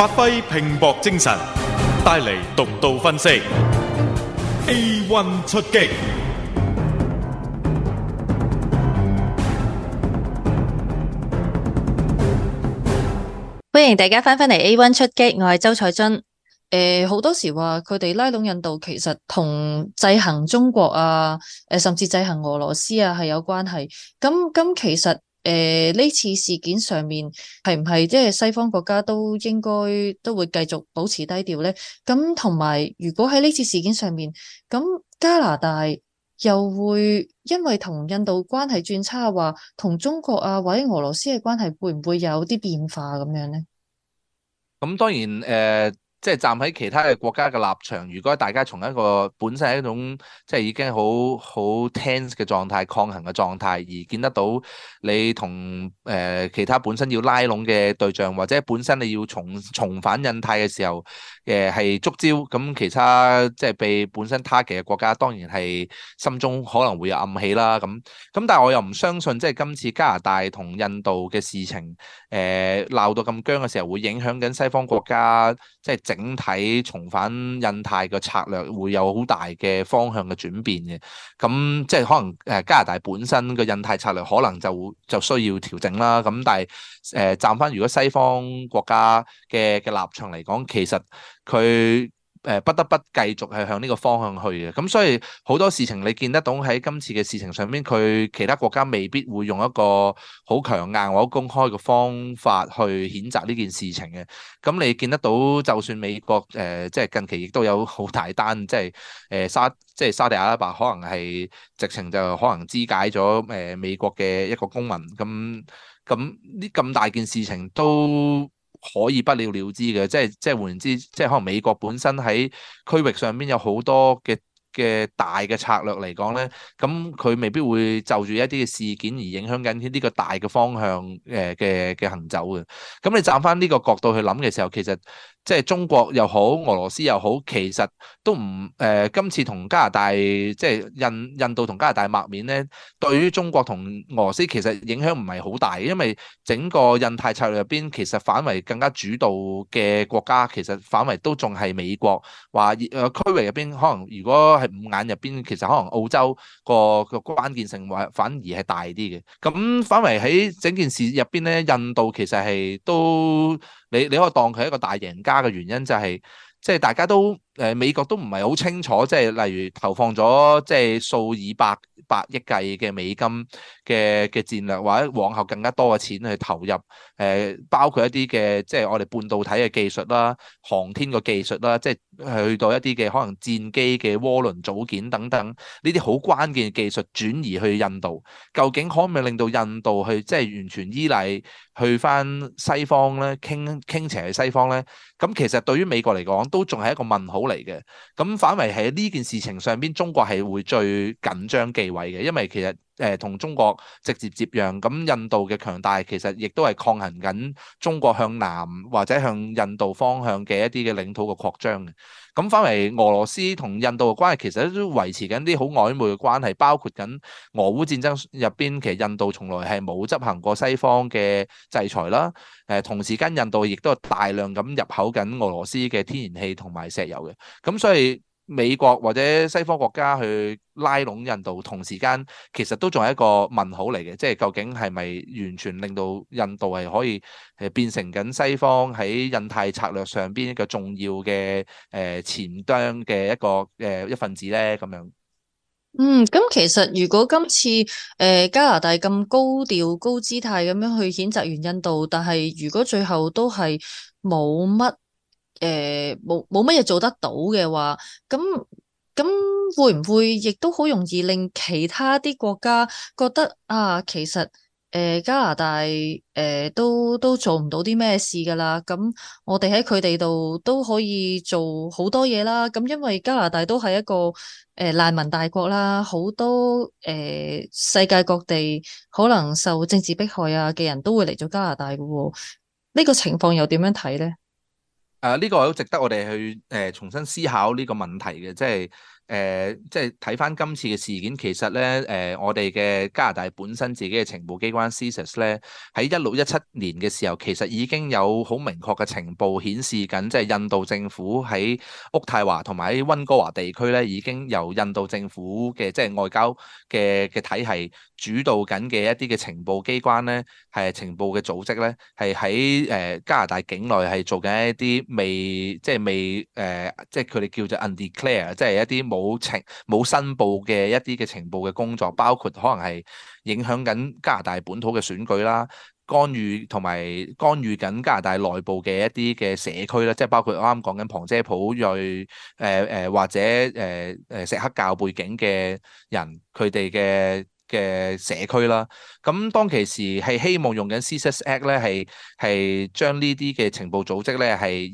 發揮拼搏精神，帶嚟獨到分析。A one 出擊，歡迎大家翻返嚟 A one 出擊，我係周采蓁。誒、呃，好多時話佢哋拉攏印度，其實同制衡中國啊，誒，甚至制衡俄羅斯啊，係有關係。咁咁其實。誒，呢、呃、次事件上面係唔係即係西方國家都應該都會繼續保持低調呢？咁同埋如果喺呢次事件上面，咁加拿大又會因為同印度關係轉差嘅話，話同中國啊或者俄羅斯嘅關係會唔會有啲變化咁樣呢？咁、嗯、當然誒。呃即係站喺其他嘅國家嘅立場，如果大家從一個本身係一種即係已經好好 tense 嘅狀態、抗衡嘅狀態，而見得到你同誒、呃、其他本身要拉攏嘅對象，或者本身你要重重返印太嘅時候，誒、呃、係觸礁，咁其他即係被本身 target 嘅國家，當然係心中可能會有暗喜啦。咁咁，但係我又唔相信，即係今次加拿大同印度嘅事情誒鬧到咁僵嘅時候，會影響緊西方國家即係，整體重返印太嘅策略會有好大嘅方向嘅轉變嘅，咁即係可能誒加拿大本身嘅印太策略可能就就需要調整啦。咁但係誒、呃、站返如果西方國家嘅嘅立場嚟講，其實佢，誒不得不繼續係向呢個方向去嘅，咁所以好多事情你見得到，喺今次嘅事情上面，佢其他國家未必會用一個好強硬或者公開嘅方法去譴責呢件事情嘅。咁你見得到，就算美國誒，即、呃、係近期亦都有好大單，即係誒沙即係、就是、沙地阿拉伯可能係直情就可能肢解咗誒美國嘅一個公民。咁咁呢咁大件事情都。可以不了了之嘅，即係即係換言之，即係可能美國本身喺區域上邊有好多嘅嘅大嘅策略嚟講咧，咁佢未必會就住一啲嘅事件而影響緊呢個大嘅方向誒嘅嘅行走嘅。咁你站返呢個角度去諗嘅時候，其實。即係中國又好，俄羅斯又好，其實都唔誒、呃、今次同加拿大即係印印度同加拿大抹面咧，對於中國同俄羅斯其實影響唔係好大，因為整個印太策略入邊其實反為更加主導嘅國家，其實反為都仲係美國話誒、呃、區域入邊可能如果係五眼入邊其實可能澳洲個個關鍵性或反而係大啲嘅。咁、嗯、反為喺整件事入邊咧，印度其實係都你你，你可以當佢係一個大贏家。嘅原因就係、是、即係大家都。誒美國都唔係好清楚，即係例如投放咗即係數以百百億計嘅美金嘅嘅戰略，或者往後更加多嘅錢去投入，誒、呃，包括一啲嘅即係我哋半導體嘅技術啦、航天嘅技術啦，即係去到一啲嘅可能戰機嘅渦輪組件等等呢啲好關鍵嘅技術轉移去印度，究竟可唔可以令到印度去即係完全依賴去翻西方咧，傾傾斜去西方咧？咁其實對於美國嚟講都仲係一個問號。嚟嘅，咁反為喺呢件事情上邊，中國係會最緊張忌諱嘅，因為其實誒同、呃、中國直接接壤，咁印度嘅強大其實亦都係抗衡緊中國向南或者向印度方向嘅一啲嘅領土嘅擴張。咁翻嚟俄羅斯同印度嘅關係，其實都維持緊啲好曖昧嘅關係，包括緊俄烏戰爭入邊，其實印度從來係冇執行過西方嘅制裁啦。誒，同時跟印度亦都有大量咁入口緊俄羅斯嘅天然氣同埋石油嘅，咁所以。美國或者西方國家去拉攏印度，同時間其實都仲係一個問號嚟嘅，即係究竟係咪完全令到印度係可以誒變成緊西方喺印太策略上邊一個重要嘅誒前鋒嘅一個誒、呃、一份子呢？咁樣嗯，咁、嗯、其實如果今次誒、呃、加拿大咁高調高姿態咁樣去譴責完印度，但係如果最後都係冇乜。誒，冇冇乜嘢做得到嘅話，咁咁會唔會亦都好容易令其他啲國家覺得啊，其實誒、呃、加拿大誒、呃、都都做唔到啲咩事噶啦，咁我哋喺佢哋度都可以做好多嘢啦。咁因為加拿大都係一個誒、呃、難民大國啦，好多誒、呃、世界各地可能受政治迫害啊嘅人都會嚟咗加拿大噶。呢、這個情況又點樣睇咧？誒呢、啊，這個都值得我哋去誒、呃、重新思考呢個問題嘅，即係誒、呃、即係睇翻今次嘅事件，其實咧誒、呃、我哋嘅加拿大本身自己嘅情報機關 CSIS 咧，喺一六一七年嘅時候，其實已經有好明確嘅情報顯示緊，即係印度政府喺渥太華同埋喺温哥華地區咧，已經由印度政府嘅即係外交嘅嘅體系。主導緊嘅一啲嘅情報機關咧，係情報嘅組織咧，係喺誒加拿大境內係做緊一啲未，即係未誒、呃，即係佢哋叫做 undeclared，即係一啲冇情冇申報嘅一啲嘅情報嘅工作，包括可能係影響緊加拿大本土嘅選舉啦，干預同埋干預緊加拿大內部嘅一啲嘅社區啦，即係包括啱啱講緊旁遮普裔誒誒或者誒誒、呃、錫克教背景嘅人，佢哋嘅。嘅社區啦，咁當其時係希望用緊《CCS Act》咧，係係將呢啲嘅情報組織咧，係、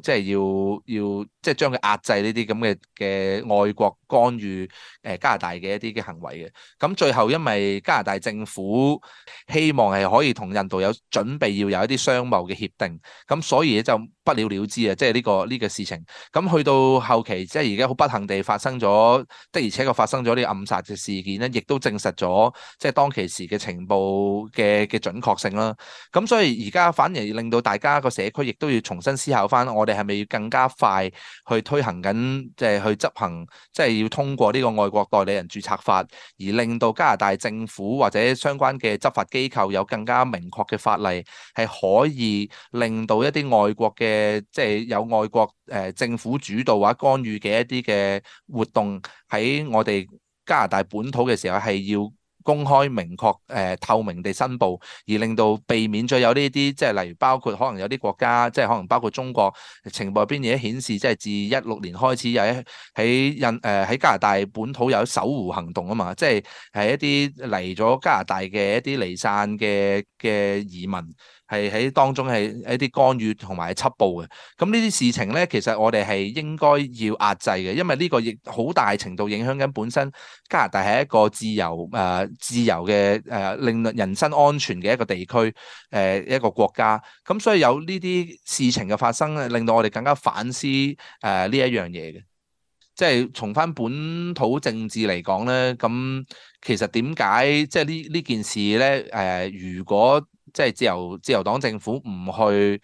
就是、要即係要要即係將佢壓制呢啲咁嘅嘅外國。干預誒加拿大嘅一啲嘅行為嘅，咁最後因為加拿大政府希望係可以同印度有準備要有一啲商貿嘅協定，咁所以就不了了之啊！即係呢個呢個事情，咁去到後期即係而家好不幸地發生咗，的而且確發生咗啲暗殺嘅事件咧，亦都證實咗即係當其時嘅情報嘅嘅準確性啦。咁所以而家反而令到大家個社區亦都要重新思考翻，我哋係咪要更加快去推行緊，即係去執行，即係。要通過呢個外國代理人註冊法，而令到加拿大政府或者相關嘅執法機構有更加明確嘅法例，係可以令到一啲外國嘅，即係有外國誒政府主導或者干預嘅一啲嘅活動，喺我哋加拿大本土嘅時候係要。公開、明確、誒、呃、透明地申報，而令到避免咗有呢啲，即係例如包括可能有啲國家，即係可能包括中國，情報入邊亦都顯示，即係自一六年開始，有喺印誒喺加拿大本土有守護行動啊嘛，即係係一啲嚟咗加拿大嘅一啲離散嘅嘅移民，係喺當中係一啲干預同埋緝捕嘅，咁呢啲事情咧，其實我哋係應該要壓制嘅，因為呢個亦好大程度影響緊本身加拿大係一個自由誒、呃、自由嘅誒、令、呃、人身安全嘅一個地區誒、呃、一個國家。咁所以有呢啲事情嘅發生咧，令到我哋更加反思誒呢、呃、一樣嘢嘅，即係從翻本土政治嚟講咧，咁其實點解即係呢呢件事咧誒、呃、如果即係自由，自由黨政府唔去，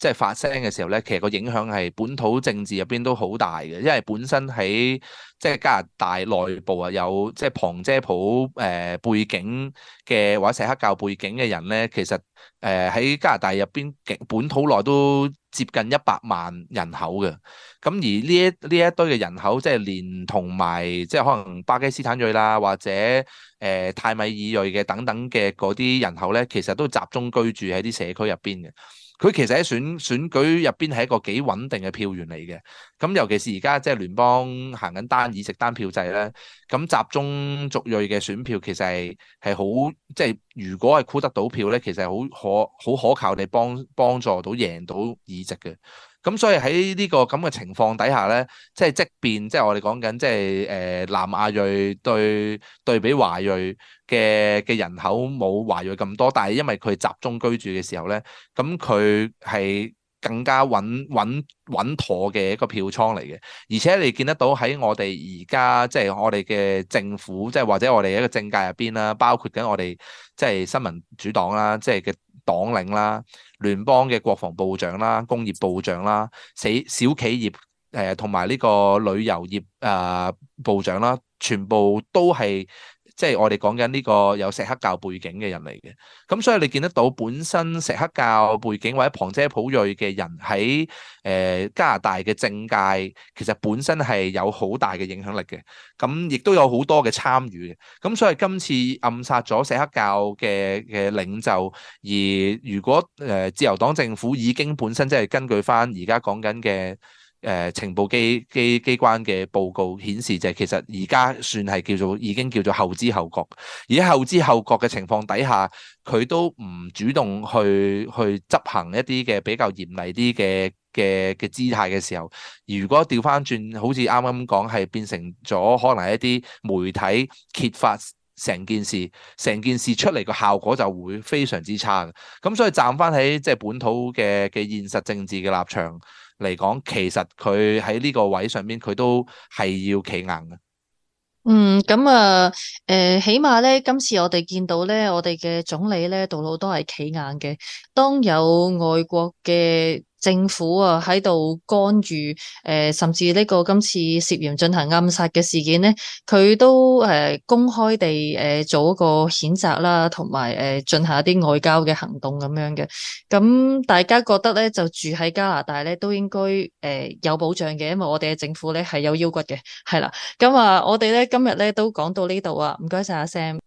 即係發聲嘅時候咧，其實個影響係本土政治入邊都好大嘅，因為本身喺即係加拿大內部啊，有即係旁遮普誒、呃、背景嘅或者錫克教背景嘅人咧，其實誒喺、呃、加拿大入邊本土內都接近一百萬人口嘅。咁而呢一呢一堆嘅人口，即係連同埋即係可能巴基斯坦裔啦，或者誒、呃、泰米爾裔嘅等等嘅嗰啲人口咧，其實都集中居住喺啲社區入邊嘅。佢其實喺選選舉入邊係一個幾穩定嘅票源嚟嘅，咁尤其是而家即係聯邦行緊單議席單票制咧，咁集中族裔嘅選票其實係係好即係如果係箍得到票咧，其實係好可好可靠地幫幫助到贏到議席嘅。咁所以喺呢個咁嘅情況底下咧，即係即便即係我哋講緊，即係，誒南亞裔對對比華裔嘅嘅人口冇華裔咁多，但係因為佢集中居住嘅時候咧，咁佢係更加穩穩穩妥嘅一個票倉嚟嘅。而且你見得到喺我哋而家即係我哋嘅政府，即係或者我哋一個政界入邊啦，包括緊我哋即係新民主黨啦，即係嘅黨領啦。聯邦嘅國防部長啦、工業部長啦、小小企業誒同埋呢個旅遊業啊、呃、部長啦，全部都係。即係我哋講緊呢個有錫克教背景嘅人嚟嘅，咁所以你見得到本身錫克教背景或者旁遮普裔嘅人喺誒、呃、加拿大嘅政界，其實本身係有好大嘅影響力嘅，咁亦都有好多嘅參與嘅，咁所以今次暗殺咗錫克教嘅嘅領袖，而如果誒、呃、自由黨政府已經本身即係根據返而家講緊嘅。誒、呃、情報機機機關嘅報告顯示，就其實而家算係叫做已經叫做後知後覺，而後知後覺嘅情況底下，佢都唔主動去去執行一啲嘅比較嚴厲啲嘅嘅嘅姿態嘅時候，如果調翻轉，好似啱啱講係變成咗可能一啲媒體揭發。成件事，成件事出嚟個效果就會非常之差。咁所以站翻喺即係本土嘅嘅現實政治嘅立場嚟講，其實佢喺呢個位上面，佢都係要企硬嘅。嗯，咁啊，誒、呃，起碼咧，今次我哋見到咧，我哋嘅總理咧，杜魯多都係企硬嘅。當有外國嘅政府啊喺度干預，誒、呃、甚至呢個今次涉嫌進行暗殺嘅事件咧，佢都誒、呃、公開地誒、呃、做一個譴責啦、啊，同埋誒進行一啲外交嘅行動咁樣嘅。咁大家覺得咧，就住喺加拿大咧都應該誒、呃、有保障嘅，因為我哋嘅政府咧係有腰骨嘅，係啦。咁啊，我哋咧今日咧都講到呢度啊，唔該晒阿 Sam。